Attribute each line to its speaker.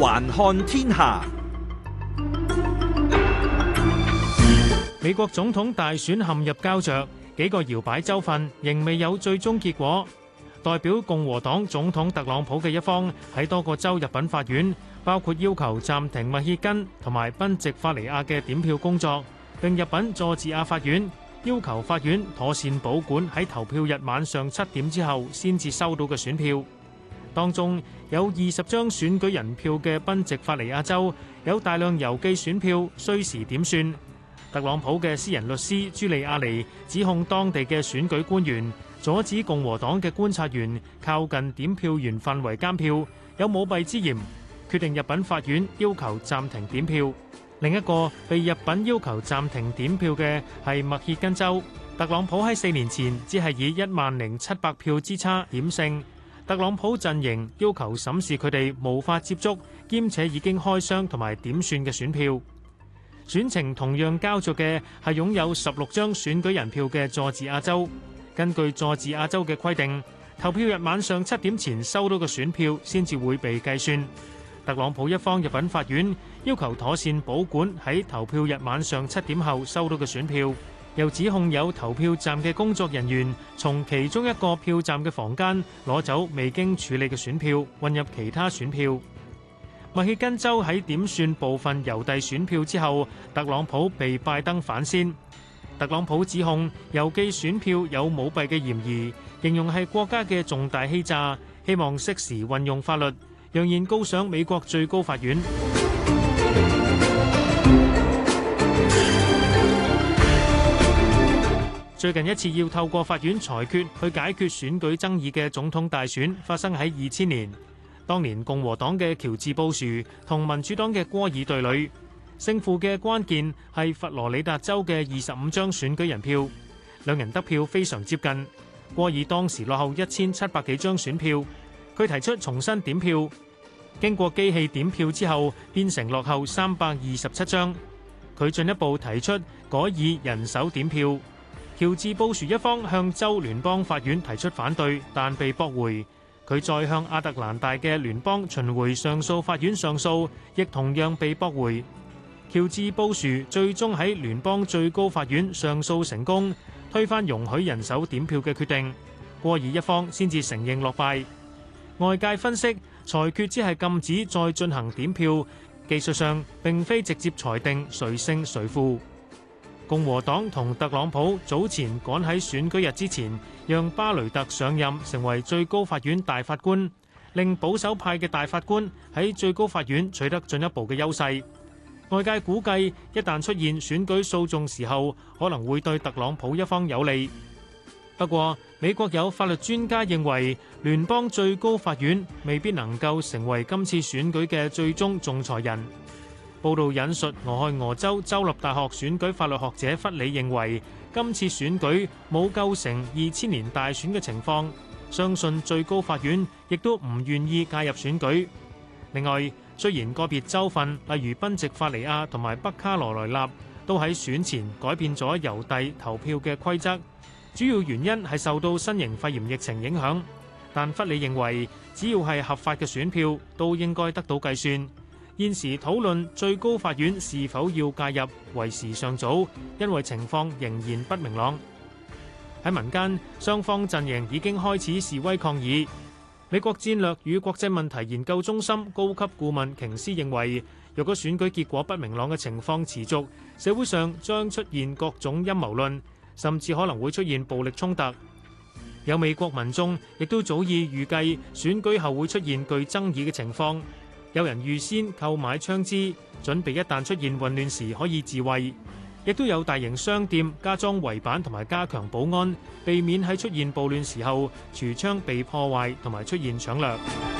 Speaker 1: 環看天下，美國總統大選陷入膠着，幾個搖擺州份仍未有最終結果。代表共和黨總統特朗普嘅一方喺多個州入禀法院，包括要求暫停密歇根同埋賓夕法尼亞嘅點票工作，並入禀佐治亞法院，要求法院妥善保管喺投票日晚上七點之後先至收到嘅選票。當中有二十張選舉人票嘅賓夕法尼亞州有大量郵寄選票，需時點算。特朗普嘅私人律師朱莉亞尼指控當地嘅選舉官員阻止共和黨嘅觀察員靠近點票員範圍監票，有舞弊之嫌，決定入禀法院要求暫停點票。另一個被入禀要求暫停點票嘅係麥歇根州，特朗普喺四年前只係以一萬零七百票之差險勝。特朗普陣營要求審視佢哋無法接觸，兼且已經開箱同埋點算嘅選票。選情同樣膠著嘅係擁有十六張選舉人票嘅佐治亞州。根據佐治亞州嘅規定，投票日晚上七點前收到嘅選票先至會被計算。特朗普一方入禀法院，要求妥善保管喺投票日晚上七點後收到嘅選票。又指控有投票站嘅工作人員從其中一個票站嘅房間攞走未經處理嘅選票，混入其他選票。密歇根州喺點算部分郵遞選票之後，特朗普被拜登反先。特朗普指控郵寄選票有舞弊嘅嫌疑，形容係國家嘅重大欺詐，希望適時運用法律，揚言告上美國最高法院。最近一次要透過法院裁決去解決選舉爭議嘅總統大選發生喺二千年。當年共和黨嘅喬治布殊同民主黨嘅戈爾對壘，勝負嘅關鍵係佛羅里達州嘅二十五張選舉人票。兩人得票非常接近，戈爾當時落後一千七百幾張選票。佢提出重新點票，經過機器點票之後，變成落後三百二十七張。佢進一步提出改以人手點票。喬治布殊一方向州聯邦法院提出反對，但被駁回。佢再向亞特蘭大嘅聯邦巡回上訴法院上訴，亦同樣被駁回。喬治布殊最終喺聯邦最高法院上訴成功，推翻容許人手點票嘅決定。戈爾一方先至承認落敗。外界分析，裁決只係禁止再進行點票，技術上並非直接裁定誰勝誰負。共和黨同特朗普早前趕喺選舉日之前，讓巴雷特上任成為最高法院大法官，令保守派嘅大法官喺最高法院取得進一步嘅優勢。外界估計，一旦出現選舉訴訟時候，可能會對特朗普一方有利。不過，美國有法律專家認為，聯邦最高法院未必能夠成為今次選舉嘅最終仲裁人。報道引述俄亥俄州州立大學選舉法律學者弗里認為，今次選舉冇構成二千年大選嘅情況，相信最高法院亦都唔願意介入選舉。另外，雖然個別州份例如賓夕法尼亞同埋北卡羅來納都喺選前改變咗郵遞投票嘅規則，主要原因係受到新型肺炎疫情影響，但弗里認為只要係合法嘅選票，都應該得到計算。現時討論最高法院是否要介入為時尚早，因為情況仍然不明朗。喺民間，雙方陣營已經開始示威抗議。美國戰略與國際問題研究中心高級顧問瓊斯認為，若果選舉結果不明朗嘅情況持續，社會上將出現各種陰謀論，甚至可能會出現暴力衝突。有美國民眾亦都早已預計選舉後會出現具爭議嘅情況。有人預先購買槍支，準備一旦出現混亂時可以自衛；亦都有大型商店加裝圍板同埋加強保安，避免喺出現暴亂時候，櫥窗被破壞同埋出現搶掠。